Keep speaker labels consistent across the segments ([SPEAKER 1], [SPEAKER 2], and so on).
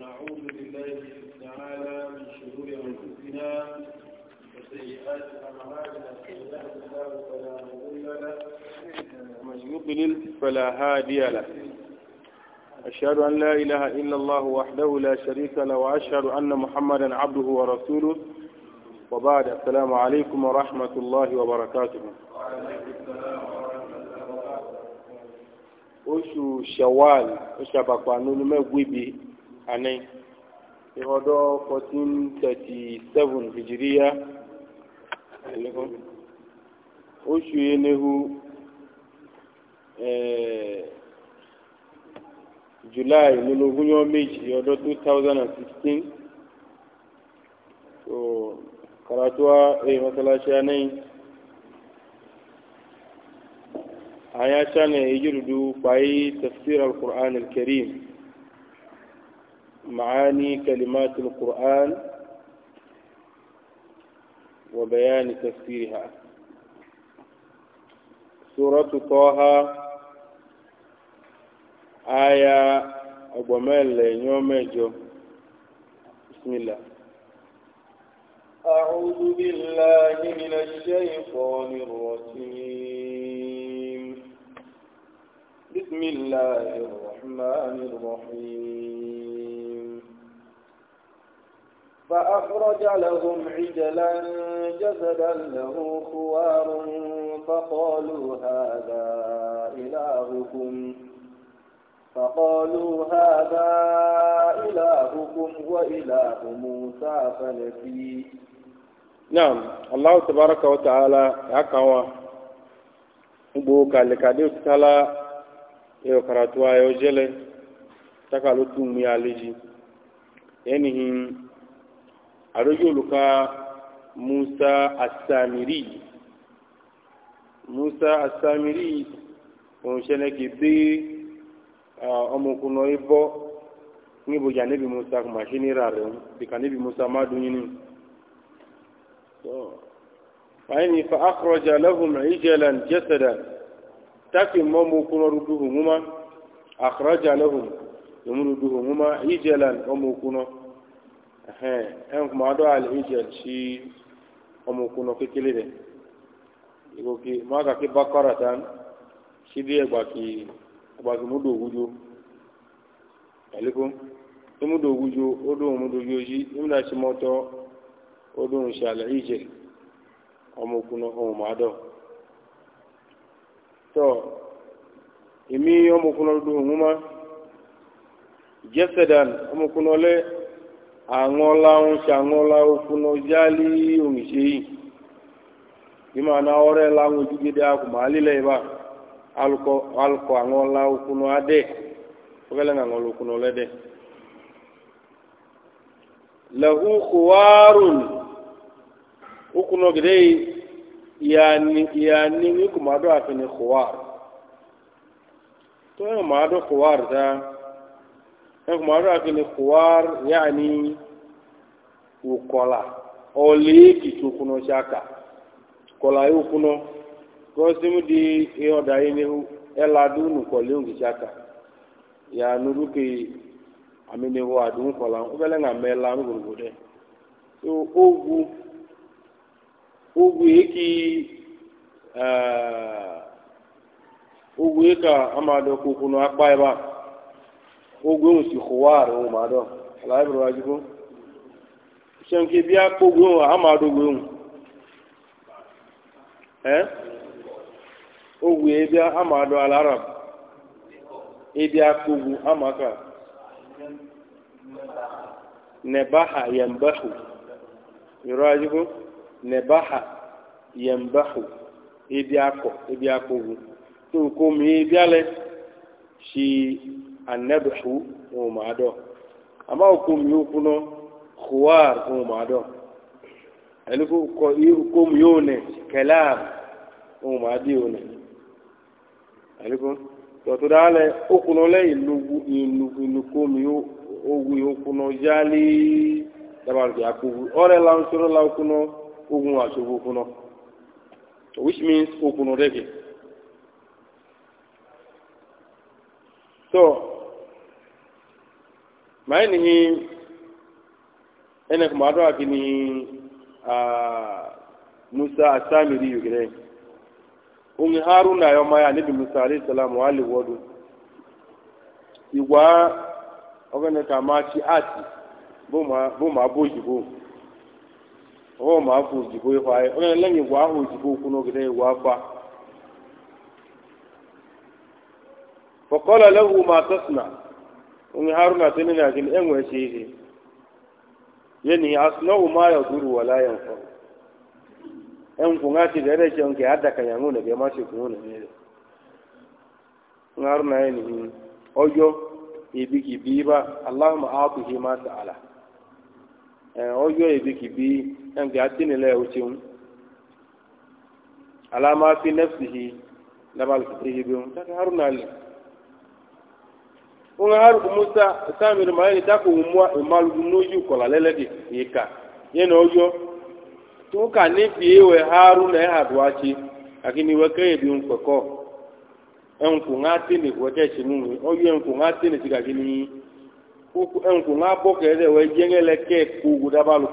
[SPEAKER 1] ونعوذ بالله تعالى من شرور أنفسنا وسيئات أعمالنا من يهده الله فلا مضل له ومن يضلل فلا هادي له أشهد أن لا إله إلا الله وحده لا شريك له وأشهد أن محمدا عبده ورسوله وبعد السلام عليكم ورحمة الله وبركاته oṣù شوال ó ṣàbàpàánú ní mẹ́gbẹ́bí anai ihodo 1437 hijiriya oṣù enehu eh, july nínú ogúnyọ́ méjì ọdún 2016 so karatuwa eyi eh, masalashi anai aya chane ijirudu fayi tafsir al-qur'an al-karim معاني كلمات القرآن وبيان تفسيرها سورة طه آية أبو مال يوم جو بسم الله أعوذ بالله من الشيطان الرجيم بسم الله الرحمن الرحيم فأخرج لهم عجلا جسدا له خوار فقالوا هذا إلهكم فقالوا هذا إلهكم وإله موسى فنسي نعم الله تبارك وتعالى أكوى gbogbo kàlẹ́kàdé òtítàlá ẹ̀rọ kàràtúwà ẹ̀ ọjẹ́lẹ̀ tákàlótú àdójúlù ka musa asamiri musa asamiri òun ṣẹlẹ kì í dé ọmọkùnrin náà bọ níbo jà níbi musa màṣínì rà rẹ ń bìkà níbi musa má dún yín ni. فإني فأخرج لهم عجلا جسدا تكن ممكن ردوهما أخرج لهم يمردوهما عجلا ممكن ẹ ń kùmọ̀ adọ́ àlè ìjẹ̀ sí ọmọkùnrin kékeré rẹ̀ ìgòkè mọ́àkà kí bá kọ́ra tán síbi ẹgbàkì ẹgbàkì múdò òwújo ẹ̀lẹ́kùn múdò òwújo ó dóhùn ma ma dan aŋɔla ŋu si aŋɔlawo funɔ dzali omi se yi ima na ɔrɛ la ŋu dzidzi ɖe akuma ali lɛ yiba alukɔ alukɔ aŋɔlawo funɔ adɛ wogɛlɛ ŋa ŋɔlɔ funɔ lɛ dɛ lehu kowaarun ukunɔ gɛdɛ yi ẹkùnmọ́ àdúrà kí ni kùwár yáà ní wòkọ́là ọ̀lẹ́ẹ̀kì tó kúnná ṣáka kọ́là yóò kúnná kọ́símù di ọ̀dà yìí ni ẹ̀ladú nùkọ́lẹ́ òǹkì ṣáka yàà nùdúkè àmìnìwò gbogbo so ogu ogu eki ogu ogwe si kowar ohun ma dɔ alaye bɛ wájú kó sɛnke bí a kó ogun ohun ama do ogun ohun ɛ ogun ebi ama do alara ebi a kó ogun ama ka nɛbaha yɛnbahu yɔrɔ ebi akɔ ebi akɔ ogun tó o e kó e e mi ebi alɛ si. annabihu ŋun maa dɔn a mi yoo kuna kuwaar ŋun maa dɔn ani ko mi yoo ne kɛlaar ŋun maa di yoo ne ani ko tɔtɔ daa lɛ o kuna lɛ mi yoo ogun yoo kuna yaali dabali bi a ko lansoro la kuna ogun wa sogo which means o kuna dɛ so. maa ni hi ene kuma do akini a musa asamiri yugire ungi haruna yo maya ni bi musa alayhi salam wa ali wodu igwa ogene ka ma chi aati bo ma bo ma bo jibo o ma bo jibo yo ai ogene lengi gwa ho jibo kuno gire gwa pa فقال له in haruna ta nuna kin ɗan wace ne yani asnau ma ya duru wala yan fa ɗan na ake da yadda ke hada kan yanu da bai ma ce kun ne in haruna ya ni ojo ibi ki bi ba allahumma atuhi ma ta'ala ojo ibi ki bi ɗan ga tinila ya wuce mu alama fi nafsihi dabal fi bi mu ta haruna ŋun ha rubu musa samiri ma yɛni tako ŋun mua malugu yi ka yɛni o yɔ tu ka ne fie wɛ haru na ɛha do atsi akini wɛ kɛ yɛbi ŋun kpɛkɔ ɛnko ŋa tene wɛ kɛ tsi nu ŋu ɔyɔ ɛnko ŋa ti ka kini ɛnko ŋa bɔ kɛ ya wɛ yɛŋɛ kogo daba na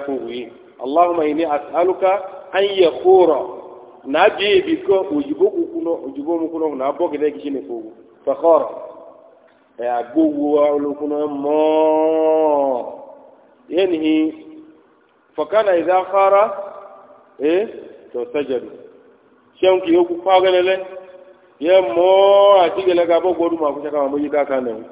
[SPEAKER 1] kogo yi alahuma yi ni na je bi ko ojibo kukuno ojibo mukuno na bo gede kishine fogu fakhor e agogo wa olukuno mo yanhi fakana idha khara e to sajadu shem ki yoku pagalele ye mo atigele ka bo godu ma kushaka mo yika kanu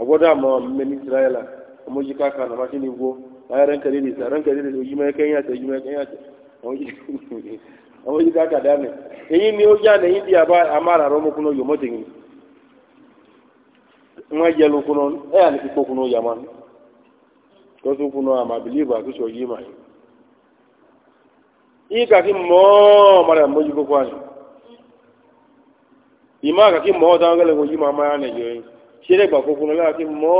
[SPEAKER 1] agoda mo men israela mo yika kanu ma kini go ayan kadi ni saran kadi ni yima kenya ta yima kenya ta àwọn yìí káàkiri àdáni èyí ni ó yá nìyí bí abá amára rẹ ọmọkùn náà yòmọ́ tẹ̀yìn wọn yẹ lókun náà ẹ yà ní kíkó kun náà yàmá tọ́sí kun náà àmà bìlíìfù àkísọ̀ yìí mà yìí yìí kàkí mọ́ ọmọdé àmójú kókó àná ìmọ̀ kàkí mọ́ ọ̀dà ọ̀gẹ́lẹ̀ kò yí mà má yàn yìí kókó náà mọ́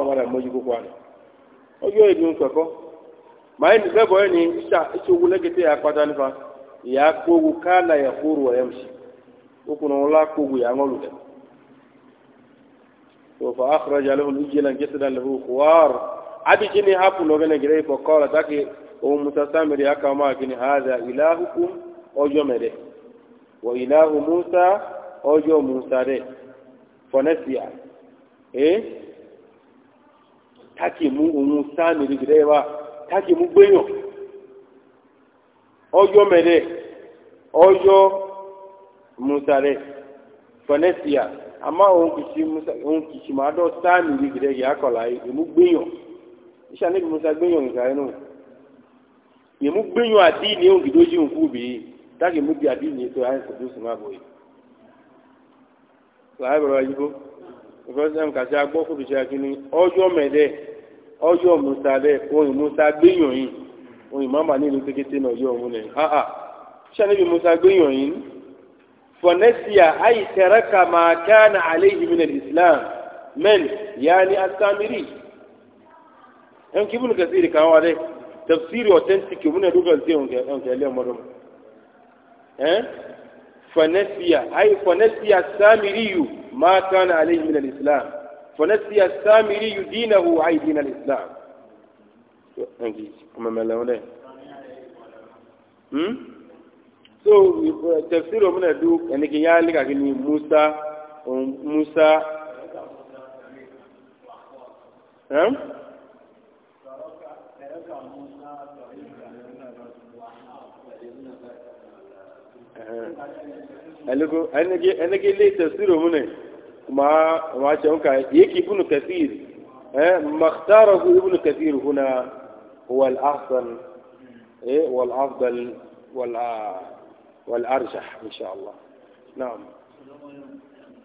[SPEAKER 1] ọmọdé àmójú kókó àná ọjọ́ ìdí ń màá yẹn ní bọ́ yẹn ní ìṣòwò àpáta nípa. ya kogu kana ya huru wa yamshi ukuna wala kogu ya ngolu de to fa akhraja lahu al-ijlan jasadan lahu khuwar abi jini hapo no gane gire ko kala take o mutasamiri aka ma kini hadha ilahukum ojo mede wa ilahu musa ojo musa de fonesia eh taki mu umu gire ba taki mu gbeyan Ọjọ́ mẹrẹ ọjọ́ musare fọnẹsia ama òun kìsì musa òun kìsì máa dọ sáàmì yìí gidẹ yìí yìí èmu gbẹyàn iṣẹ anabi musa gbẹyàn nǹkan yẹn nù àdí ni òun bi àdí ni sùn máa bọ̀ yìí. òun ìmáàmà nílùú kékeré náà yọ òun lẹ ha ha sani musa gbẹyàn yìí fọnẹsìà ayi tẹrẹka máa kánà àlẹyìn mi nàlẹ islam mẹn yaani asamiri ẹn kí ibùdó kẹsìrì kan wà dẹ tafsiri authentic mun yadu kan sai onke onke le maro eh fanasiya ay fanasiya samiriyu ma kana alayhi min al-islam fanasiya samiriyu dinahu ay din al-islam ẹnjì ọmọmẹlẹ wọn dẹ hmm so tẹfsiri ọmọ náà dùn ẹnìkì yá lé kàkí ni musa um, musa ẹn. ẹlẹko ẹnẹgẹ ẹnẹgẹ lé tẹsiri ọmọ náà màá màá ṣe ń kà yéèkì ibùnú kẹsìrì ẹ màkítàrọ̀ ibùnú kẹsìrì fúnà. هو الأفضل إيه والأفضل وال والأرجح إن شاء الله نعم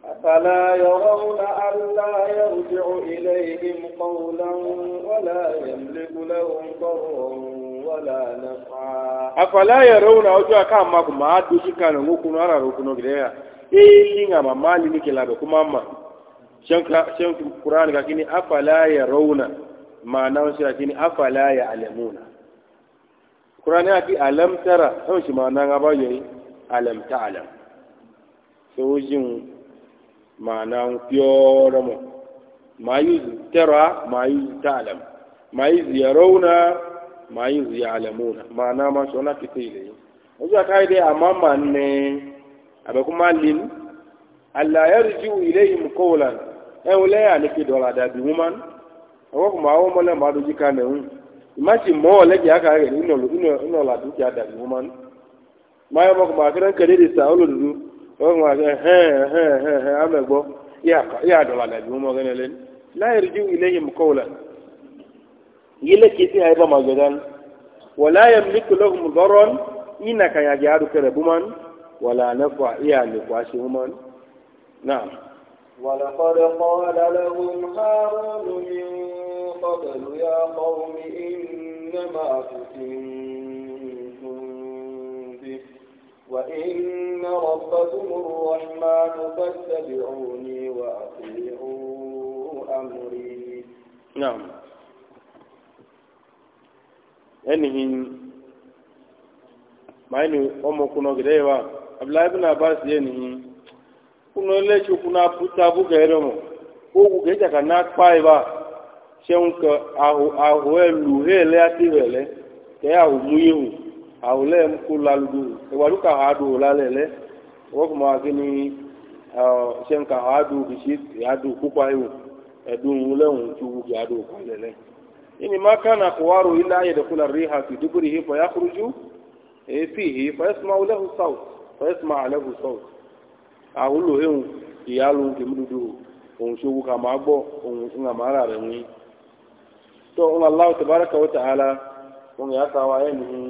[SPEAKER 1] أفلا يرون ألا يرجع إليهم قولا ولا يملك لهم ضرا ولا نفعا أفلا يرون أوجه كام ماكم ما أدوش كانوا مكونوا على ركنوا كده إيه نعم ما لني كلا بكم أما شنك شنك القرآن كأني أفلا يرون ma'anan shi shine afala ya alamuna qur'ani ati alam tara sun shi ma'anan aba yayi alam ta'lam so jin ma'anan pure mo ma yuzu tara ma yuzu ta'lam ma yuzu yarawna ma yuzu ya'lamuna ma'ana ma shona kitile ojo kai dai amma manne kuma lin alla yarju ilayhim qawlan aw la yani fi dola da bi ọwọ́ kò mọ àwọn ọmọ lẹ́mọ̀ adójú ká nẹ̀ ń gị mọ́ ọ aka rẹ̀ nínú ọ̀la dúkìá dàbí wọ́n máa ń máa ọmọkùnrin akẹ́rẹ́ ń kẹ́lẹ́ lè sa olódodo ọmọkùnrin akẹ́rẹ́ hẹ́ẹ̀ hẹ́ẹ̀ hẹ́ẹ̀ amẹ́gbọ́ yíyà dọ̀la dàbí wọ́n máa ń láyé rí ju ilé yẹn kọ́ wọlé yílé kìí ayé bá máa gbẹ dání wọlé ولقد قال لهم هارون من قبل يا قوم إنما فتنتم به وإن ربكم الرحمن فاتبعوني وأطيعوا أمري نعم ainihin maini ọmọkùnrin ọgẹdẹ yẹn wa abdullahi bin abbas yẹn kuno lecho kuna puta buga eromo ogu geja kana kpai ba seun ke aho aho elu hele ati hele ke aho muyihu aho le mku laludu ewalu ka hadu lalele woku ma gini seun uh, ka hadu bisit hadu kupa ihu edun ule un tu hadu kalele ini makana kuwaru ila ya yadkhula riha fi ya fa yakhruju fihi fa yasma'u lahu sawt fa yasma'u lahu sawt àwùlò ehun ìyá lu kèmí dúdú òun ṣogun kà máa gbọ́ òun ńlá máa rà rẹ̀ wín. tó ń lọ aláwọ̀ tẹ̀bára kàwé tààlà wọn yà sá wa ẹ̀ nìyí.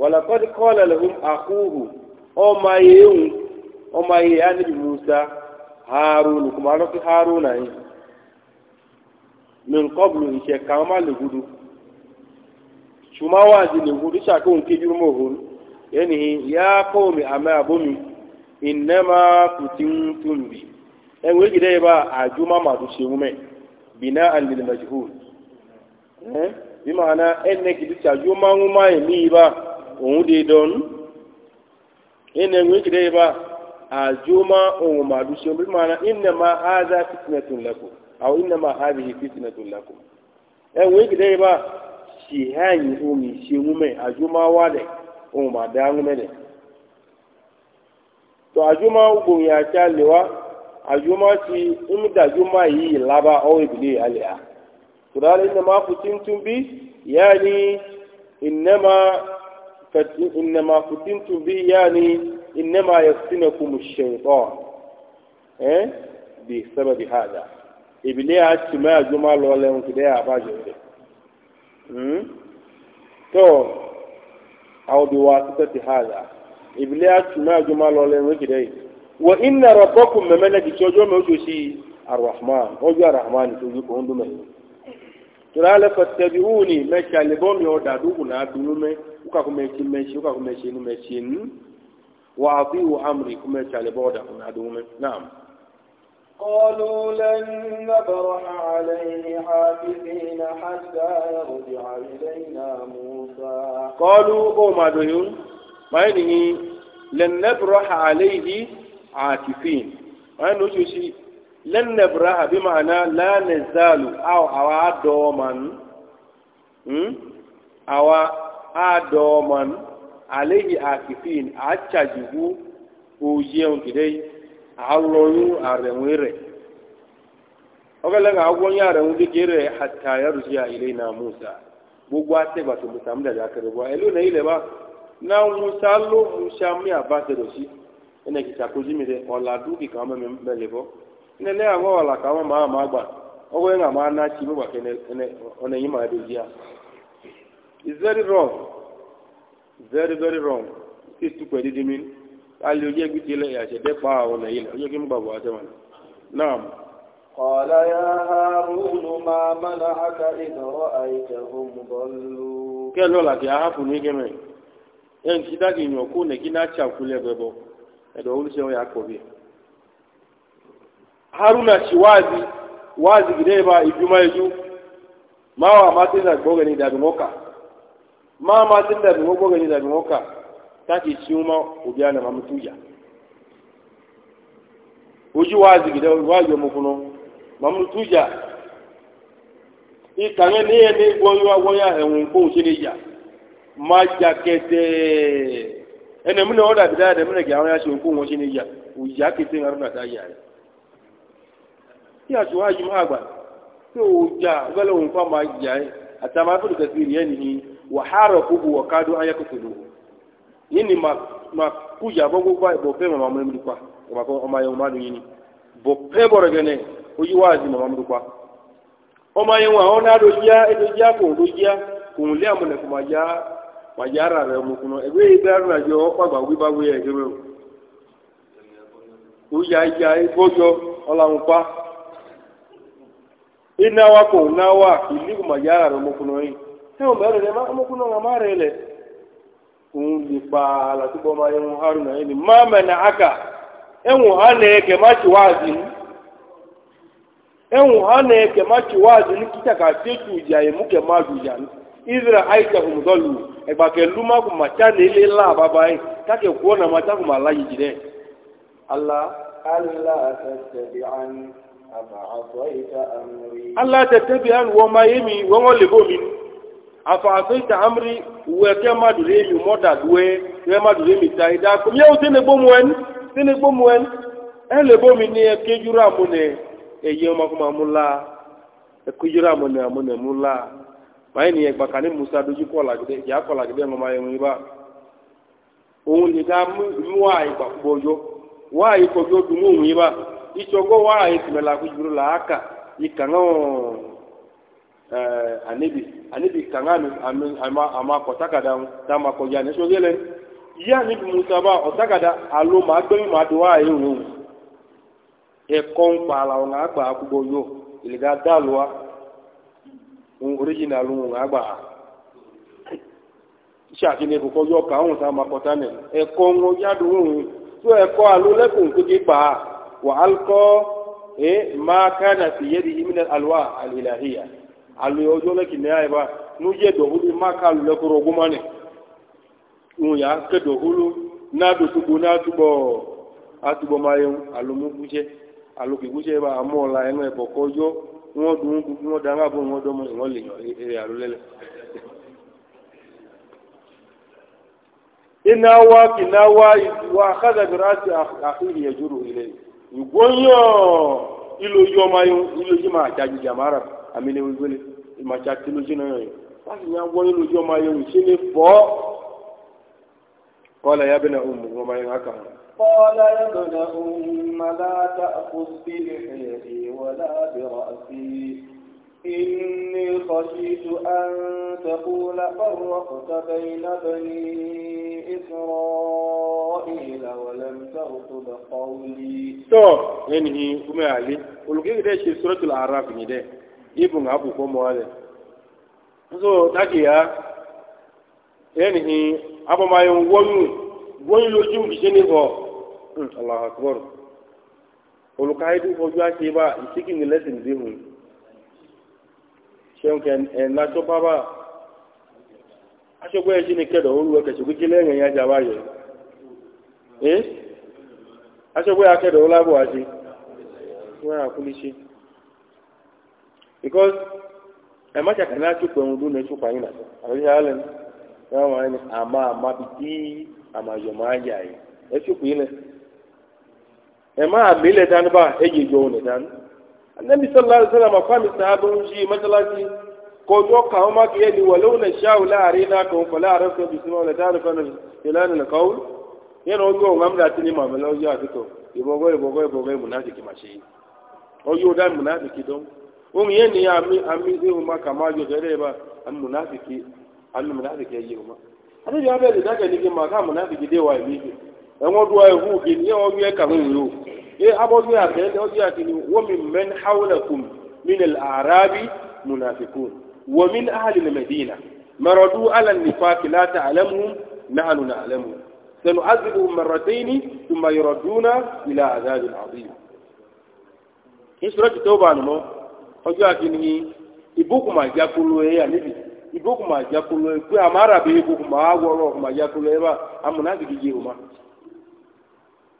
[SPEAKER 1] wàlá kọ́dí kọ́ọ̀lá lẹ́hùn àkúrù ọmọ ayé ehun ọmọ ayé musa kò máa yìí. min kọ́bùlù ìṣẹ̀ kàn má lè gudu. ṣùgbọ́n wáàdì lè gudu ṣàkóhùn mọ́ òhun. kọ́ mi àbómi. innama kutintum bi e we gide ba ajuma ma du shemume bina al lil majhul eh bi ma'ana enne gidi ajuma nguma e mi ba ohun de don enne we gide ba ajuma ohun ma du shemume bi ma'ana innama hadha fitnatun lakum aw innama hadhihi fitnatun lakum e we gide ba shi hanyi ohun shemume ajuma wa de ohun ma da ngume de to ajuma ugonya cha lewa ajuma ci imda ajuma yi laba o ibli aliya kural inma futintum bi yani inma إنما فتنتم به يعني إنما يفتنكم الشيطان إيه؟ بسبب هذا إبليه أتما جمال ولا مكده أبا جمال تو أو بواسطة هذا ìbílẹ̀ àtúmọ̀ àjọmọ́ lọ lẹ́nu kìdẹ́ yìí wọ iná rọ̀bọ́kù mẹ́mẹ́lẹ́ kìí ọjọ́ mẹ́ oṣù sí arahman ọjọ́ arahman ojú kò ń dùn mẹ́ tura alẹ́ fẹsẹ̀bi wù ní mẹ́sì àlebọ́ mi ọ̀dà àdúgbò náà dùnú mẹ́ wúkà kó mẹ́sì mẹ́sì wúkà kó mẹ́sì inú wà á fi wù amúri kó mẹ́sì àlebọ́ ọ̀dà kó náà dùnú mẹ́ náà. قالوا لن نبرح عليه حافظين حتى يرجع إلينا موسى قالوا قوم أدهون maanihi lan nabraha alayhi aakifin maani o soosi lan nabraha bi maana laa nazalu aw awa dooman hmm? awa a dooman alayhi aakifin a cajigu o yeun kidai a loyu a renwere oge lan a wonye a renwu bi kere hatta yarjiya ilayna musa gbogbo a tẹgbàtò musa mu dàda kẹrẹ bọ ẹ lónìí ilẹ̀ bá. na ŋusa ló ŋusa mi aba te ɖo si ene kisa kodzi mi du mi ka wɔme ma ma gba ma na tsi mi ke ne ne yi ma ɖo dzia is very wrong very very wrong ti tu pɛ didi mi ali o yɛ gbiti lɛ yasɛ de kpa ɔne yi ma naam. قال يا هارون ما منعك إذ رأيتهم ضلوا كلا لك يا هارون ɛn kida ke nyɔ ko ne kina tsa ku lɛ bɛbɔ ɛdɔ wuli sɛ ya kɔ bi haruna si waazi waazi gidɛ ba iduma edu maa wa ma ti na gbɔ gɛni dabi ŋɔ ka maa ma ti dabi ŋɔ gbɔ gɛni dabi ŋɔ ka taki si ma obi a nama mutu ya ojú waazi gidɛ waazi ɔmu kunu mamutu ya ìkànnì ní ẹni gbɔnyɔ agbɔnyɔ ẹ̀wọ̀n kó o ti ni ya madza kɛtɛ ɛnɛ mi na ɔda bi da yɛ dɛ mi na gya wɔn yasɛ nko wɔn si ne ya o ya kɛtɛ ŋa do na ta ya yɛ yasɔ ayi ma agba eh. tí o dza wɛlɛ o nfa ma dza yɛ atama afi do kɛse yɛ nìyí wà ha rɛ koko wà ká do ayɛ koko do yɛ ni ma ma kó dza bɔ gbogbo bɔ pɛ mama mɛ mi do kpa ɔma kɔ ɔma yɛ ɔma do yɛ ni bɔ pɛ bɔrɔ gɛnɛ o yi wa di mama mi do kpa ɔma yɛ wa ɔna do dzia edo dzia kò do dzia kò lé amúnɛ kò ma dzia. wàjà ara rẹ mu kunu ẹgbẹ yìí bẹ ara yọ ọkọ àgbà wíwá o ya ya igbójọ ọlànà pa kò ná ìlú wàjà rẹ mu kunu yìí tẹ́wọ̀n bẹ́ẹ̀ rẹ mu kunu ọ̀nà má rẹ lẹ̀ òun lè pa alàtúbọ̀ máa yẹ wọn haruna yìí ni má aka má ti wá izra aita hum dɔlu ɛgba kɛ luma kuma tsa ne le la baba yi kake kuɔ na ma tsa kuma la yidzi dɛ. ala ala tɛtɛbi an afa afɔ yi ta amri. ala tɛtɛbi an wɔma ye mi wɔngɔ le bo mi afa afɔ yi ta amri wɛ kɛ ma do ye mi mɔda doɛ kɛ ma do ye mi ta yi da ko miawo tene bo mu ɛn tene bo mu ɛn ɛ le bo mi ni ɛ kejura mu nɛ eye ma kuma mu la ɛ kejura mu nɛ mu nɛ báyìí nìyẹn gbàkà ní musa dojú kọ làgídé yà kọ làgídé ńlọ máa yẹn bá òun lè dá mú wá ìgbà gbọjọ wá ìkọjọ dùn mú òun yìí bá wá ìtìmẹlà kújúrú là ìkànnà ẹẹ anibi anibi kànnà àmì àmà àmà kọtàkàdà ń tá a máa kọjá ní sọgbẹ lẹnu yí anibi musa bá ọtàkàdà alo màá gbẹmí màá do wá yìí òun ẹkọ ń pa àlà ọ̀nà àgbà àkúgbọ ìlẹ̀dá dá lọ ń original ń àgbà ṣàfihàn kòkó yọ ká ń sá máa kọta nẹ ẹkọ ń yádùn ń tó ẹkọ alólẹkùn tó ké gbà wà á kọ ẹ máa ká nà sí yẹ di ìmìnà àlùwà àlìlàhìyà àlù ọjọ lẹkìn náà ẹ bá nu yẹ dọwọlù má ká alólẹkùn rọgbọmọ nẹ ń yà ké dọwọlù náà dòtúgbò náà túbọ àtúbọ máa yẹ alùmúgbúṣẹ alùkìgbúṣẹ bá àmọ́ ọ̀la ẹnu ẹ̀kọ́kọ́ yọ kí wọ́n dùn ún kú kí wọ́n dá ńgá bó wọn dọ́mọ ìwọ́n lè yàn eré àlólẹ́lẹ̀. iná wá kìnná wá ìwà akádàbí ráàsì àfihàn ìyẹ̀júrò ilẹ̀ ìgbóyàn ìlò yìí ọmọ yìí ìlò yìí máa jáde jàmára àmì ní wíwélé ìmàṣà kìlójì náà yìí wọ́n sì yàn wọ́n ìlò yìí ọmọ yìí ìṣẹ́lẹ̀ fọ́ kọ́lá yàbẹ̀ náà ọmọ yìí قال يا ابن أم لا تأخذ بلحيتي ولا برأسي إني خشيت أن تقول فرقت بين بني إسرائيل ولم ترقب قولي تو ينهي كما علي ولكن ده شيء سورة الأعراف نده يبون أبو كم هذا so takiya yanihi abu ma yin wani wani lojin bishe ko Hmm, Allahu akbar olùkàyédú fojú àṣẹ bá ìsíkìní lẹ́sìn dìhùn ṣéun kẹ ẹ̀ńlá tó bá bá aṣọ́gbọ́ ẹ̀ṣin ní kẹ̀dọ̀ oru ẹ̀kẹ̀ ṣùgbọ́n kí lẹ́yìn ẹ̀yà jábá yẹ ẹ́ aṣọ́gbọ́ ẹ̀yà kẹ̀dọ̀ ọlábọ̀ àṣẹ wọ́n yà kúlí ṣe because ẹ̀ má ṣàkàní àṣùpọ̀ ẹ̀hún dún ní ṣùpọ̀ yìí nàṣọ àwọn ìṣẹ́ alẹ́ ní wọ́n wà ní àmà àmà bíi àmà yọ̀mọ̀ ayé ẹ̀ ṣùpọ̀ yìí ɛma amele dan ba eye yɔ ne dan anabi sallallahu alaihi wasallam afa mi sahaba ŋu yi masalasi kɔjɔ kan ma kiyɛ ni walew na shaw la are na kan fala are fɛ bisimilaw la taara fɛ na yɛlɛ na kaw yɛrɛ o yɔ ŋam da tini ma mɛ la o yɔ a ti to ibɔgɔ ibɔgɔ ibɔgɔ ye munna jigi ma se o yɔ da munna jigi dɔn o ŋun ye ami ami ewu ma kama jɔ tɛ de ba ami munna jigi ami munna ye o ma y'a bɛ de da kɛ nege ma k'a munna de wa ye min ɛŋɔ do ayi hu ke ne ɔ wiɛ kan wu yo e abɔ wiɛ atɛ ne ɔ wiɛ atɛ ni wɔmi mɛn hawla kum min al arabi munafikun wa min ahli al madina maradu ala al nifaq la ta'lamuhum nahnu na'lamuhum سنعذبهم مرتين ثم يردون إلى عذاب عظيم ìṣòro tó bá nù lọ ọjọ́ àkínní ìbùkún máa jákúlù ẹ̀yà níbi ìbùkún máa jákúlù ẹ̀ pé àmàrà bí ìbùkún máa wọ̀rọ̀ máa jákúlù ẹ̀ bá amúnágídí yé o máa.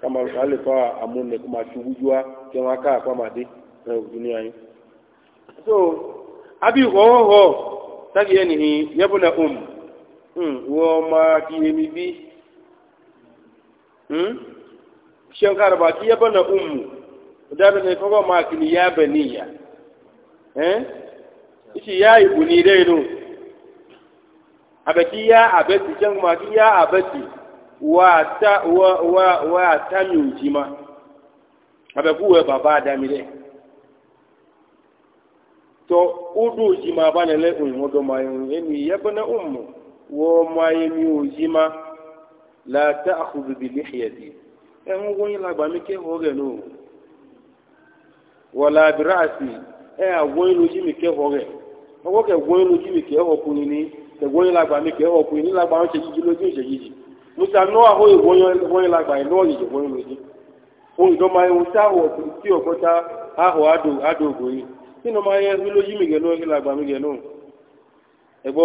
[SPEAKER 1] kama ale fa amune kuma tubujua kema kaa kwa made na dunia hii so abi ho ho tagi yani hi yabuna um mm wo ma ki mi bi mm shankar ba ki yabuna um da ne ko ma ki eh? ni yabaniya eh ishi ya ibuni dai no abati ya abati shankar ma ki ya abati wata wa wa wa ta nyujima abekuwe baba adamire to udu jima bana le unwodo mayo eni yabna ummu wo maye mi ujima la ta'khudh bi lihyati en wo yin lagba mi ke ho genu wala bi ra'si e awo yin uji mi ke ho ge owo ke wo yin uji mi ke ho kunini te la yin lagba mi ke ho kunini lagba on se jiji loju se jiji musa nua ho ye wɔnyɔ wɔnyɔ la gba ye nua yeye wɔnyɔ lo dzi ohun dɔ ma ye ŋuta wɔ ti wɔ kɔta ahɔ ado ado go yi sinɔ ma ye hilo yi mi gɛ no hilo agba mi gɛ no egbɔ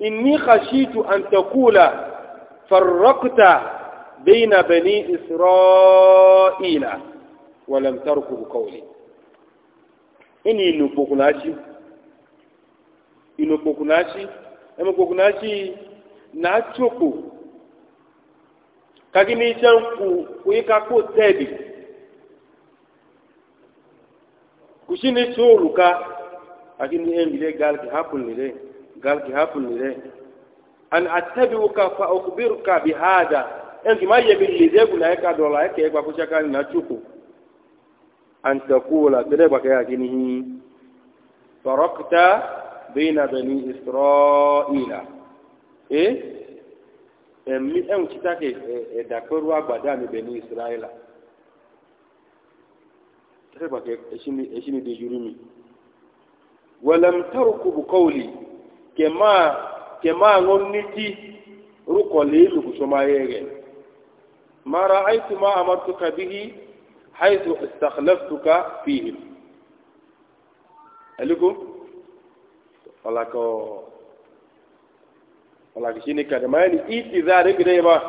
[SPEAKER 1] inni khashitu an takula farraqta bayna bani isra'ila wa lam tarku qawli ini inu kpokunachi inu kpokunachi emu kpokunachi na choko kagini shan ku kuika ko tedi kushini suruka akini engile gal ki hapul nire gal ki hapul nire an attabiuka fa ukhbiruka bihada enki ma yebi lide kuna eka dola eke kwa kushaka na chuku an la tede kwa kaya kini hii farakta baina bani israila eh ẹ̀mí ẹ̀hùn títà kẹ ẹ̀dà pẹ̀lú àgbàdo àmì bẹ̀ ní ìsirayẹ́là tẹ́lẹ̀ pàkẹ́ ẹ̀ṣin ni dejúrú mi. wẹ̀lẹ̀m tẹ́rù kùbù kọ́wùlì kẹ̀má àwọn nítí rúkọ̀ lè lùkùsọ́máyé rẹ̀. mara àìsí máa àmàtúkà bíi àìsí ìsàkìlẹ́fùtùkà fìhìm. ẹ̀lẹ́kọ̀ọ́ Allah shi ne ka iti za da gida ba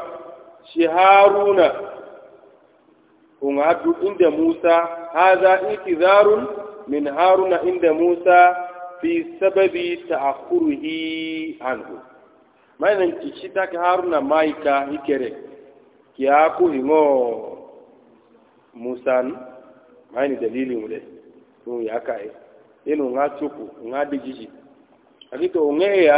[SPEAKER 1] shi haruna kun hadu inda Musa haza iti zarun min haruna inda Musa fi sababi ta'akhurihi anhu mayanan ki shi ta ka haruna maika hikere ki aku hingo musan maini dalili mule tun ya kai e. inu nga chuku nga dijiji akito ngeya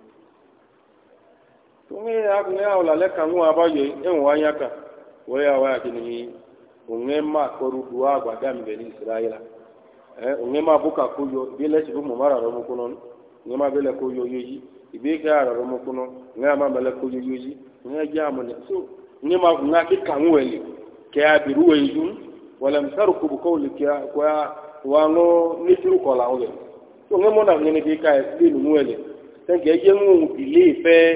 [SPEAKER 1] onye ya agụ ya ka nwa abaghị enwe anya ka wee ya waya gị n'ihi onye ma korubu agwa ga mgbe n'israela onye eh, ma bụka koyo bile chibu mụ mara rọmụkwụnụ onye ma ibe ma mele koyo yoyi onye ji amụnye so onye ma bụ nwa kịka nweli ka ya biri uwe kwa onye mụ na ka ya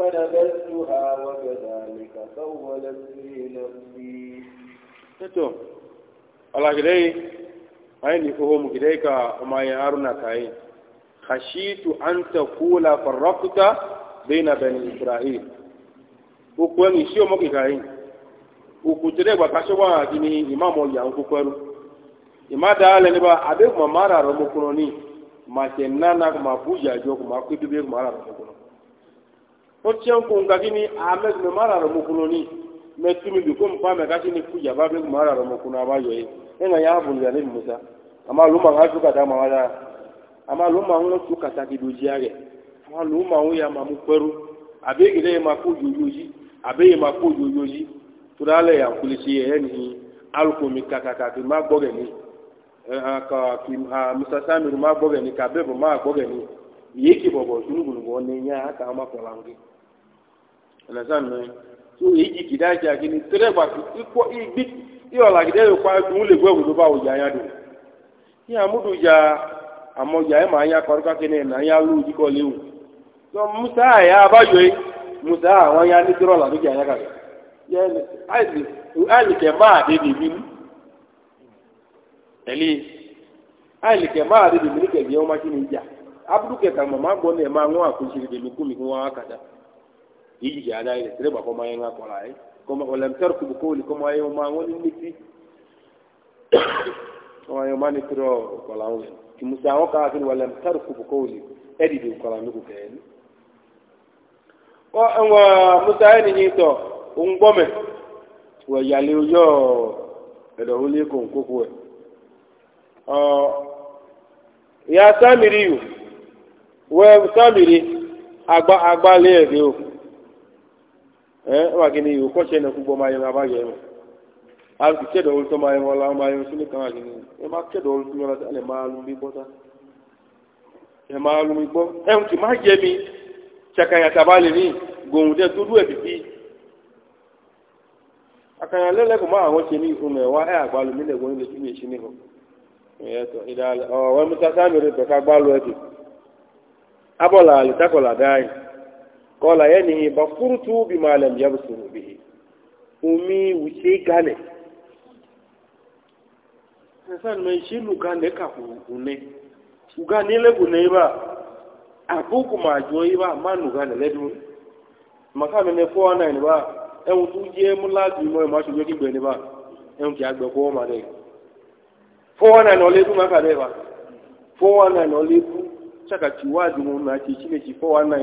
[SPEAKER 1] فنبذتها وكذلك سولت لي نفسي to ala gidai ai ni ko mu gidai ka amma ya aruna kai khashitu an takula farraqta baina bani isra'il o ko ni shi o mo kai o ku tere gba kaso wa ni imam o ya ko peru ima da ale ni ba abe ma mara ro mo kuno ni ma ke nana ma buja jo ma ku dibe o tiɲɛ kun ka kini a mɛ mara rɛ mu kulo ni mɛ tumi bi ko n pa mɛ ka kini ku jaba bɛ mara rɛ mu a b'a yɔ ye e ŋa y'a bolo yan musa a ma luma ŋa ju ka taa ma wala a ma luma ŋa ju ka taa k'i do kɛ a ma ŋa ya kpɛru a bɛ ko a bɛ ye ko jojo tura ala y'an kulisi ma gbɔ ni ɛ ka ha musa ma ni ka bɛɛ bɔ ma ni bɔbɔ bɔ ne nya k'an ma kɛ. ẹlẹsàn mi tó èyí kìdá ìjà kìíní tẹlẹ gbà ikọ igbi ìwàlà kìdá yóò pa ẹdùn lè gbẹwò ló bá wò jà yàdùn ní àmúdù jà àmọ jà ẹ màá yà kọrí kákínní ẹ nàá yà lù jíkọ léwu tó musa àyà abájọ yìí musa àwọn yà ní tírọ̀lá ló jà yà kàkà yẹ àìlìkẹ máa dé dèbí mú tẹlẹ àìlìkẹ máa dé dèbí mú kẹgbẹ ọmọ kí ni jà abudukẹ kàmọ má gbọ ní ẹ máa ń wọn àkóso ìdèmí kú mi kí wọn á yiji ki ada ile sire ba ko mayen ko lai ko ma lam tarku bu kuli ko mayen ma woni niti ko mayen ma ni tro ko lawo ki musa o ka kin walam tarku bu kuli edi bi ko lawo ko ken ko an wa musa ni ni to un gome wa yale yo edo wuli ko ko ko o ya samiri yu we samiri agba agba le de o ɛn wa gini o kɔ tiɛ ne kugbɔ ma yɛn a a ti tiɛ dɔwɔli tɔ ma yɛn wala ma yɛn kan ka gini ɛ ma tiɛ dɔwɔli tɔ la ale ma lumi gbɔ sa ɛ ma lumi gbɔ ɛ n ti ma jɛ mi cakanya taba le mi gongo tɛ to du ɛ pipi akanya lɛlɛ ko ma àwọn tiɛ mi o mɛ wa ɛ agba lumi lɛ gbɔnyi le fi mi sini hɔ ɛ kọ́lá yẹn ni ìbá fúrútù bí máa lẹ̀ mìíràn sọ̀rọ̀ bí i omi wùsẹ̀ gánẹ̀ sẹ́sàn mẹ́ ṣí lù gánẹ̀ kàkó gùnẹ̀ gánẹ̀ lẹ́gùnẹ̀ yìí bá àbúkù máa jọ yìí bá má nù gánẹ̀ lẹ́dùn màkà mi ní fọ́ náà ní bá ẹ̀hún tó jẹ́ múlá ju mọ́ ẹ̀ má ṣojú kígbẹ̀ ẹ̀hún kì í àgbẹ̀ fọ́ máa dẹ̀ fọ́ náà ní ọlẹ́dùn má kà dẹ́ bá fọ́ náà ní ọlẹ́dùn ṣàkàtì wáàdùn mọ́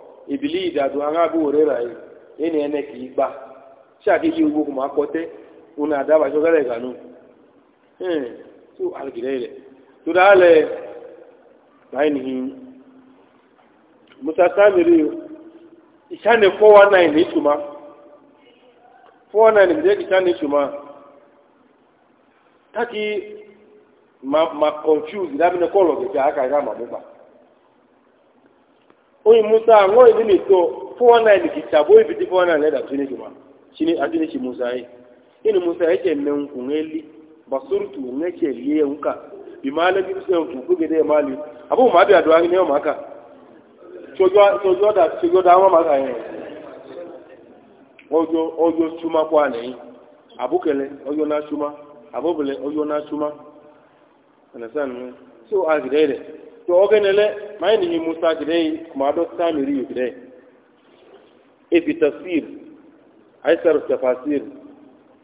[SPEAKER 1] ìbílí ìdàdù arábù rẹ̀ rà yìí ẹni ẹnẹ kì í gbà ṣàkíyí owó kò máa kọtẹ́ òun àdáwà aṣọ gẹ́rẹ́ ìgbà náà tó àlùkìlẹ̀ rẹ̀ tó dáálẹ̀ láì nìyí musa samiri ìṣàní four one nine ní ìtumá four one nine ìdílé ìṣàní ìtumá táàkì máa confuse ìdábìnrin kọ́ ọ̀lọ́gẹ̀dẹ̀ àkàrà màmúgbà. oyi musa ngo ibi ni to fuwa na ni kichabo ibi ti fuwa na leda tuni kuma shini musa yi ini musa yake men kungeli basurtu ngeke liye nka bimale bi se nku kuge de ma bi adwa ni o maka chojo chojo da da ojo ojo chuma kwa ni abukele ojo to oge nele mai ni musa gidai kuma do samiri yu gidai e fi tafsir aisar tafasir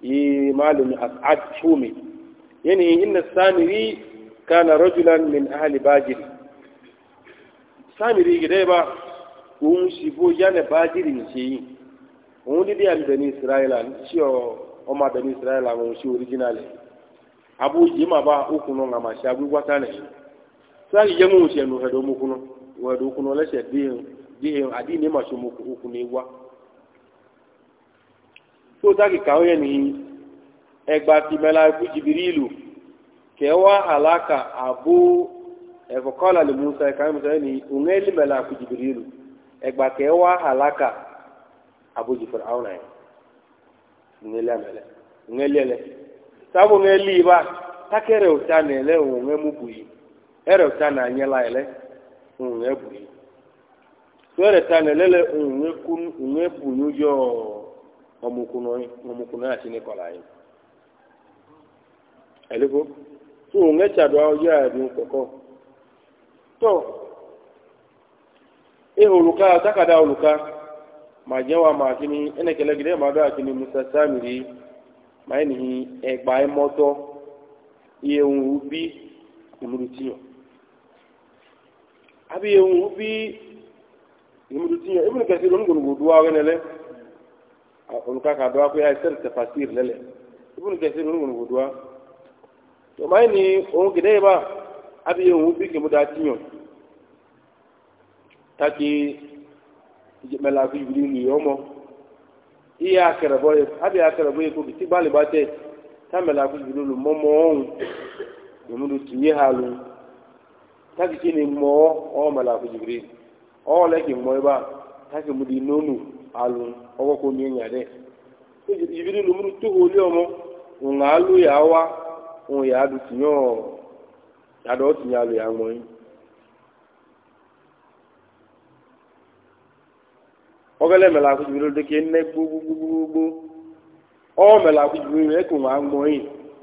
[SPEAKER 1] yi malumi as'ad shumi yani inna samiri kana rajulan min ahli bajiri samiri gidai ba òun sì bó yánà bájírì nìṣe yìí òun dídí àbẹ̀ní israẹla ṣé ọmọ àbẹ̀ní israẹla òun ṣe oríjínálẹ̀ abúlé yìí màbá okùn náà àmàṣe agbégbátá nìyí. sari jamu si shenu hedo mu kuno wa do kuno la she di di adi ne ma shumu ku ku ne wa so ta ki kawo ni egba ti mela ku jibrilu ke wa alaka abu e ko kala li musa ka mu ta ni ungeli mela ku jibrilu egba ke wa alaka abu ji fir'auna ni le mele ngeli le sabo ngeli ba takere utanele unge mubuyi ɛrɛ ta na nyɛ la yɛ lɛ ŋun ɛbu yi tó ɛrɛ ta na lɛ lɛ ŋun ɛku e e ŋun ɛbu yi yɔ ɔmukunu yi ɔmukunu yɛ asi ni kɔla yi ɛliko tó ŋun ɛtsa do awo e yɛ ɛdi kɔkɔ tó eho oluka takada oluka ma jɛ wa ma ni ɛnɛ kɛlɛ gidi ma do akini musa samiri ma yɛ nihi ɛgba yɛ mɔtɔ iye ŋun ubi ŋun ti yɔ. abi ye ŋun fi tiɲɛ ibnu kasir olu kɔni k'o duwa wɛnɛ lɛ olu k'a ka duwa ko yaa sɛri tafasir lɛ lɛ ibnu kasir olu kɔni k'o duwa to maa yi ni ba abi ye ŋun fi daa tiɲɛ taki fi ni yɔmɔ y'a kɛrɛbɔ ye abi y'a ba tɛ fi taki kini mɔɔ ɔɔ mala ko jibiri ɔɔ lɛ ki mɔɔ ba taki mu di nonu alu ɔkɔ ko mi nya dɛ ko jibiri lumuru tuhu li ɔmɔ ŋun alu ya wa ŋun ya du tiɲɔ ya dɔ tiɲɔ alu ya ŋmɔ yi. ɔgɛlɛ mɛla ko jibiri de ke ne gbogbogbogbo ɔɔ mɛla ko jibiri ɛkò ŋun aŋmɔ yi.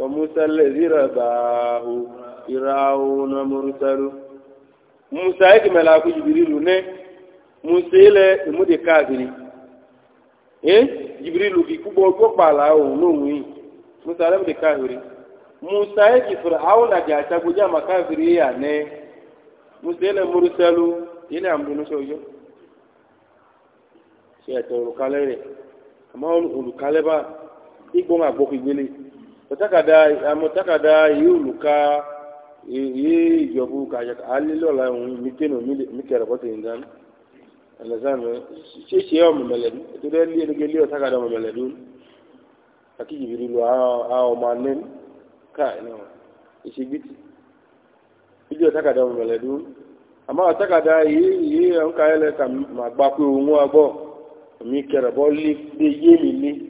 [SPEAKER 1] وموسى الذي رباه فرعون مرسل موسى يك ملاك جبريل نه موسى له مودي كافري eh jibrilu ki kubo ko pala o no mi musa lam de kafiri musa e ki fir'auna ga ta guja makafiri ya ne musa igbo ma takada ame takada yiwo luka ye idzɔbu kadzaka alilola ŋu mite no mi kɛrɛ kɔte ŋu gan ɛnɛsɛmɛ tsetse yɔ mɛmɛ lɛ du eto ɖe lie ɖeke lie takada mɛmɛ lɛ du aki dzibiri lu awɔ ma nɛ ka ɛnɛ o etsi gbiti idzɔ takada mɛmɛ lɛ du ama takada ye ye ŋu ka yɛ lɛ ka mi kɛrɛ bɔ li de ye mi li.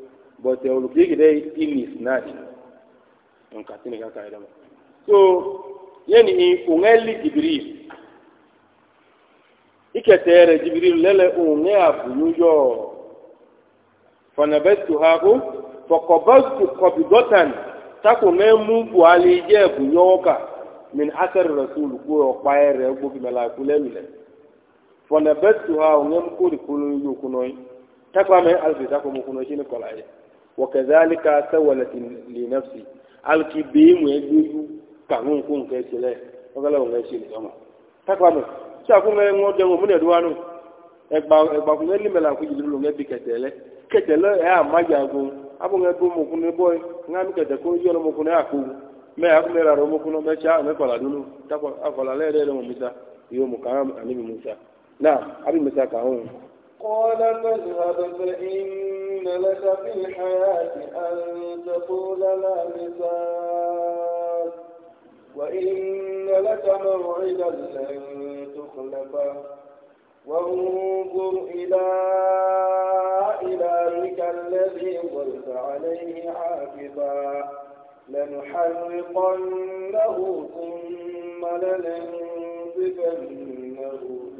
[SPEAKER 1] but uh, eh, olùkíyèkì dẹ́ ìní sinadi nǹkan tí nìkan kan yẹ dẹ́mọ̀ so yẹn ni òǹẹ́lì jìbìrì ìkẹtẹ rẹ jìbìrì lẹ́lẹ̀ òǹẹ́ àbùnúyọ̀ fọ̀nàbẹ́tù ha kó fọkọ̀bọ́tù kọ̀bìdọ́tàn tako mẹ́mú buhari jẹ́ ẹ̀bùnyọ́wọ́kà min asẹ́rẹ̀ rẹ̀ sóòlù kó ọ̀pá rẹ̀ gbógi mẹ́la kú lẹ́nu lẹ̀ fọ̀nàbẹ́tù ha òǹẹ́ mú kó rìkúrú yókù náà tako amẹ́ alùpùpù tako mú náà ṣe ní kọ̀láyé. وكذلك سولت لنفسي alki bee ŋmɛ gbɛyu kaŋu ko ŋkɛ si lɛ ɔkɛlɛ ŋkɛ si lɛ ɔma takpa mɛ tí a ko ŋkɛ ŋɔ dɛŋ o mu nɛ do wa no ɛgba ɛgba ku ŋkɛ limɛ la ko jeli lo ŋkɛ bi kɛtɛ lɛ kɛtɛ lɛ ɛ ama dza kunu bɔ yi mi kɛtɛ ko kunu a ko mɛ قال فاذهب فإن لك في الحياة أن تقول لا مثال وإن لك موعدا لن تخلفه وانظر إلى إلهك الذي ظلت عليه عاكفا لنحرقنه ثم لننصفنه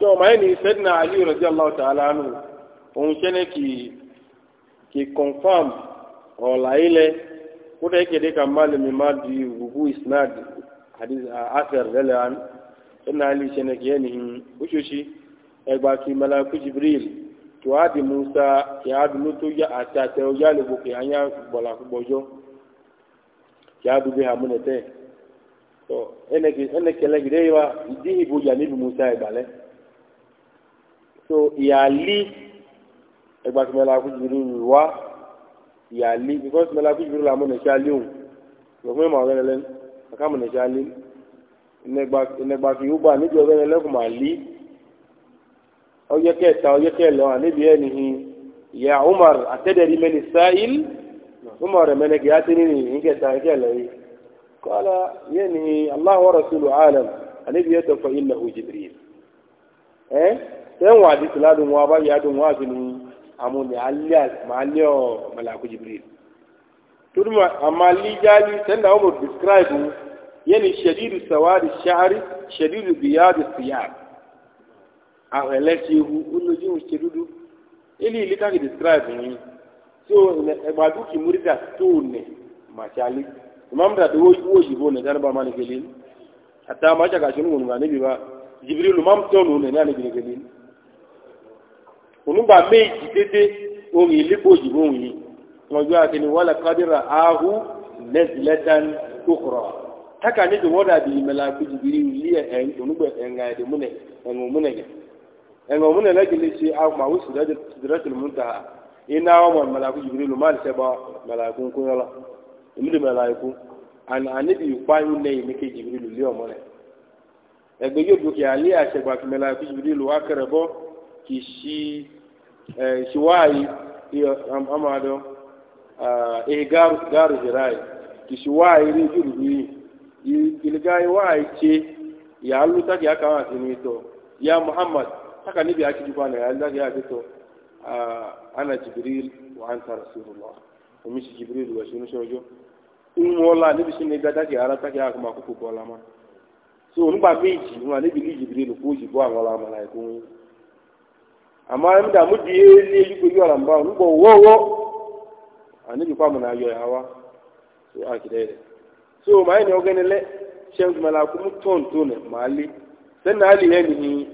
[SPEAKER 1] to ma ni sayyidina ali radiyallahu ta'ala anhu on chene ki ki confirm o la ile ko de ke de kamal mi ma di wubu isnad hadith athar lalan sayyidina ali chene ki yani ushushi egba ki malaku jibril to adi musa ki adu lutu ya atata o ya le bo ki anya bola bojo ki adu bi hamunete ene kele gide wa dihi buja ni bi musa ibale e so yali egba ti mela ku jibiru wa yali because mela ku jibiru la mo ne shali un lo me ma gele len aka mo ne shali negba negba ki uba ni jo gele le ku ma li o ye ke ta o ye ke lo ani bi eni hi ya umar atadari sa'il umar e men ke atini ni ke ta ke yi قال يعني الله ورسوله عالم النبي يتوفى إنه جبريل إيه تنوى دي سلاد وابا ياد وابن أمون عليا معليا ملاك جبريل ثم أما اللي جالي تنى عمر بسكرايبه يعني شديد سواد الشعر شديد بياض الثياب أغلشه ونجم شديد إلي اللي كان describe ni so ẹgbàdúkì múrídà tó nẹ màṣálí imam da do wo jibo ne ba man gelin hatta ma ta gashin mun ngani bi jibril imam to no ne ne bi gelin onu ba meji dede o ngi libo jibo ngi mo jo akini wala qadira ahu nazlatan ukhra taka ni do woda bi mala ku jibril li en onu be en ga de mun ne en mun ne en mun ne la gele shi ahu ma wusidatul sidratul muntaha ina wa mala ku jibril ma le ba mala kun kun emile malaiku ana anabi ikwanyu ne yi meke jibrilu li ọmọ rẹ ẹgbẹ yóò dókè alẹ àṣẹgbà fi malaiku jibrilu wa kẹrẹ bọ kì í ṣi ẹ ṣiwaayi amadọ ẹ gaaru gaaru ziraayi kì í ṣiwaayi rí ojú rúbi yìí ìlgáyé waayi ṣe yàá lu sákì àkàwọn àti ní ìtọ ya muhammad sákà níbi àkíjú fún àná yàá lu sákì àkíjú ana jibril wa anta rasulullah omi ṣi jibril wa ṣe oníṣẹ́ ọjọ́ ŋmɔla ne bi si ne gata ke ara ta ke akoma koko bɔla ma so nípa méjì wọn ne bi li jibiri lu kó jibó àwọn la ma la yi kún àmọ́ ẹni dà mú di yé lé yíko yọ ọ̀la mbà wọn bọ̀ wọ́wọ́ àne bi kó àmọ́ na yọ ya wa so akidẹ yẹ so màá yẹn ni ọgẹni lẹ sẹm tó ma la kó mu tọ́n tó nẹ màá lé sẹ́ni náà lè yẹ nìyí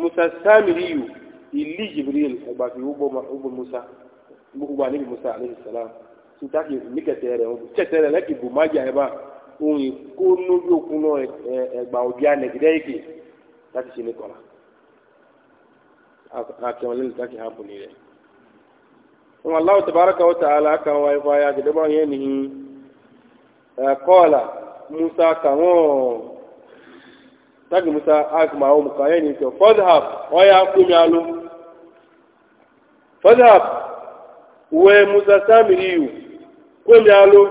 [SPEAKER 1] musa sáàmìlì yìí ìlí jibiri ẹgbàá fi wọ́n bọ̀ musa gbogbo àne bi musa aleyhi salaam sitaki mi kẹtẹ rẹ o kẹtẹ rẹ lẹ kì bù má jà yẹ bá ohun kó nójú okun náà ẹgbà òbí anẹgidẹ yìí kì láti ṣe ní kọlá akẹwọn lẹnu sitaki hàn bù ní rẹ. wọn aláwọ tabaraka wa ta'ala kan wáyé fáyà gẹdẹmọ yẹn nìyí ẹ kọọla musa kàwọn taki musa akuma awọn mu kàn yẹn nìyí sọ fọdhab ọyà kúmi alu fọdhab wẹ musa sámìlì yìí. kómi alo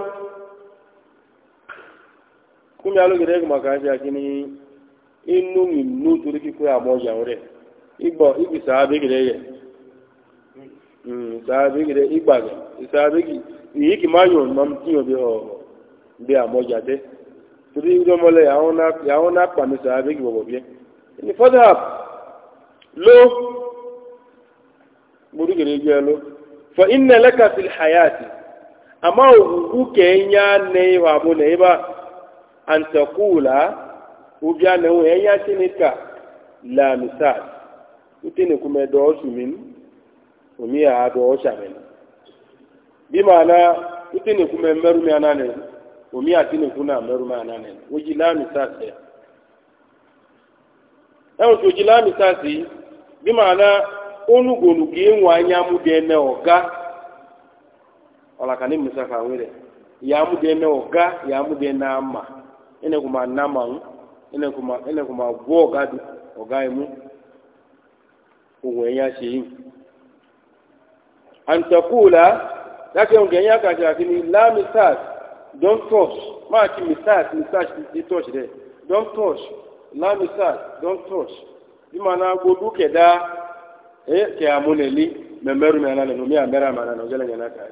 [SPEAKER 1] kómi alo gẹ̀dẹ̀ ẹ̀gbọ́n màkà ṣe àkíní n'inu mi nú torí kíkó àmọ́ ìyàwó rẹ̀ ibọ̀ ibi sàábé gẹ̀dẹ̀ yẹ sàábé gẹ̀dẹ̀ igbà gẹ̀ sàábé gẹ̀ ìyí kì má yọ̀ mọ́ tíyàn bí fọ ha ya amma uke nya ne wa mu ne ba an taqula ubya ne wo enya tinika la misal utini kuma do sumin umi a do shaben bi mana utini kuma meru mi anane umi a tini kuna meru mi anane uji la misal e de ẹwọn tó jí láàmì sáà sí bí màá ná ó lùgòlùgì ń wá nyámú dé ẹnẹ ọ̀gá wala ka ne misaka wele yamu de ne oga yamu de na ma ene kuma na ma ene kuma ene kuma bo oga du oga imu ogun ya se yin an takula lati on genya ka ja kini la misas don't touch ma ki misas misas ti touch de don't touch la misas don't touch bi mana go duke da e ke amuneli memeru me ala no mi amera mana no gele ngana kai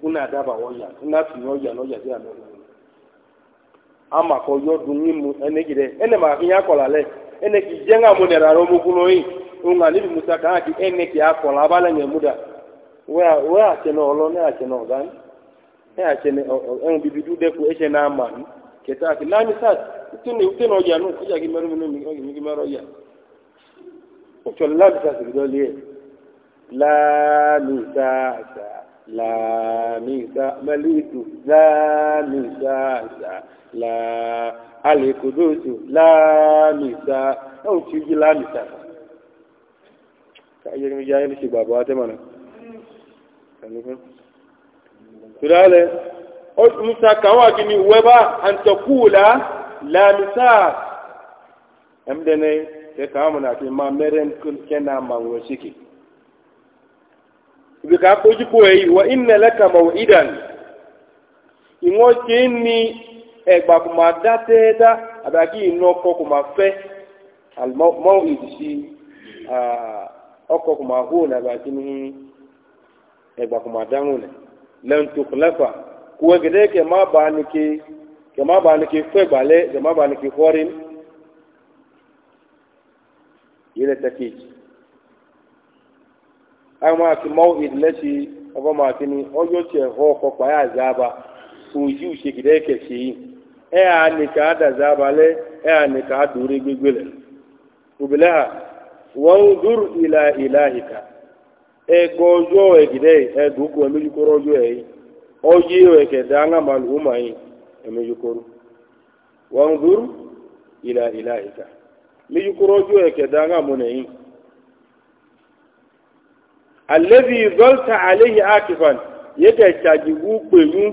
[SPEAKER 1] kuna daba ɔya kuna fi ɔya n'ɔya bi ame wu ama kɔ yɔdu ŋimu ɛnɛgi dɛ ɛnɛma ya kɔla lɛ ɛnɛki dzɛŋa mu nɛra rɛ ɔmukuno yi musa aba lɛ ŋɛmu da wɛa wɛa atsɛ nɛ ɔlɔ ne atsɛ nɛ ɔgan ne atsɛ nɛ ɔ ɛŋu bibi du dɛku ɛtsɛ nɛ ama nu kɛtɛ ati lami sa utene ya ɔya nu ɔya ki mɛrɛ mɛrɛ ɔya ki mɛrɛ ɔya ɔtsɔ lami sa lamisa maliku lamisa sa la alikudusu lamisa au chiji lamisa ka yiri mi jayi shi baba wata mana tudale o musa kawa gini weba an takula lamisa amdane ke kawo mana ke ma meren kun kena manwo shiki ibi ka kojú kó ẹ̀yí wọ iná lẹ́kàmọ̀ ìdàn ìwọ́n ṣe ń ní ẹ̀gbà kò máa dá tẹ́ẹ́dá àdàkì iná ọkọ̀ kò máa fẹ́ mọ́ ìdìsí ọkọ̀ kò máa hóòn àdàkì ní ẹ̀gbà kò máa dáhùn nẹ̀ lẹ́ǹtò kùlẹ́fà kò wẹ́ gẹ́gẹ́ kẹ má bàa ní ke kẹ má bàa ní ke fẹ́ gbàlẹ́ kẹ má bàa ní ke fọ́rin yẹ́lẹ́ tẹ́kẹ́jì. ama ki mau idlesi ogo ma kini ojo che ho ko pa ya zaba uji ushikide ke si e a ni ka da zaba le e a ni ka duri gbegbele ubilaha wanzur ila ilahika e gojo e gide e e, e oji e ke da nga yi e ila ilahika mi yukoro ojo e ke da nga mo ne yi alẹ́bí gọ́lta àléyìn akifan yẹ́kẹ̀ ìṣàjìwú pẹ̀lú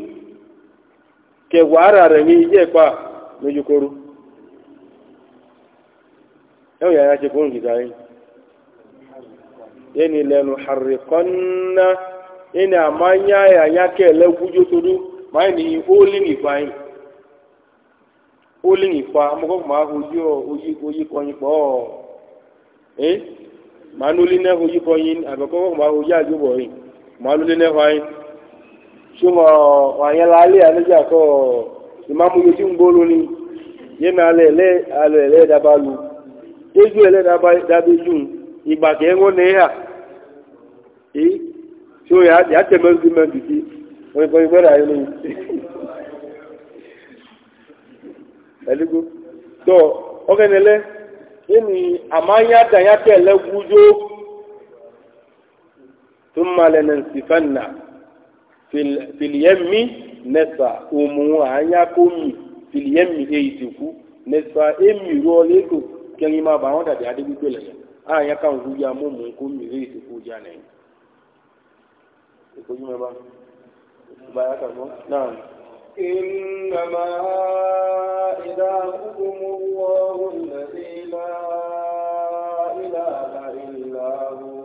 [SPEAKER 1] kẹwàá rẹ̀ ní iye pa lójúkọrú ẹ̀wọ̀n yàrá ṣe fún ìgbà yìí yẹ́ni lẹ́nu harikọ́nà yẹ́ni àmáyá àyákẹ́ lẹ́gbújó torú máa ní ólì nìfà yìí ólì nìfà amọ́kọ́kọ́ máa ojú oyin kọyìn pọ̀ ọ́ manuli ne hoyi koyin abeko ma hoyi aju boyi manuli ne hoyin suma wanyan lali anija ko imamu yoji ngolo ni ye na ale le ale le dabalu teju ele daba dabiju igba ke ngo ne ha e so ya ya teme ngi me bi oyi ko ibere ayo ni eligo to ogenele okay, ini amanya da ya ke lagujo tun malanin sifanna filiyemmi nesa omu anya komi filiyemmi eyi teku nesa emi ruo leko kẹrin ma ba wọn dàbí adigunpe lẹyìn anya kan hu ya mọ mu komi eyi teku ja nẹyìn. ìkójú mẹba ìbáyà kan mọ náà. إنما إلهكم الله الذي لا إله إلا هو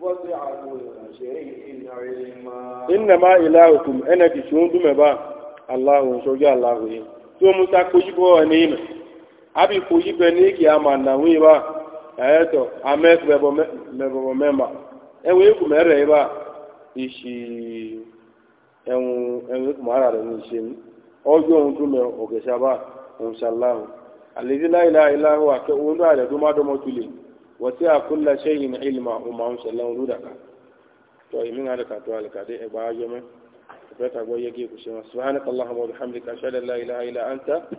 [SPEAKER 1] وسع كل شيء علما إنما إلهكم أنا كشون دمبا الله سوجا الله إيه tó musa koyi bɔ ɛni mɛ abi ẹ̀hún ẹ̀hún kò máa rà rẹ̀ ní ìṣe mi ọjọ́ ohun tó mẹ ọ̀gẹ̀ sábà ohun ṣàláhù àlejò láìláà ìláhù àkẹ́ ohun tó àrẹ̀ tó má dọ́mọ́ tulẹ̀ wọ́n ti àkúlẹ̀ ṣẹ́yìn ìlmà ọmọ àwọn ṣàláhù lódàkà tó èmi ń àdìkà tó àlìkà dé ẹ̀bà mẹ́ ìfẹ́ tàgbọ́ yẹ kí wọn subhanaka allahumma wa bihamdika ashhadu an la ilaha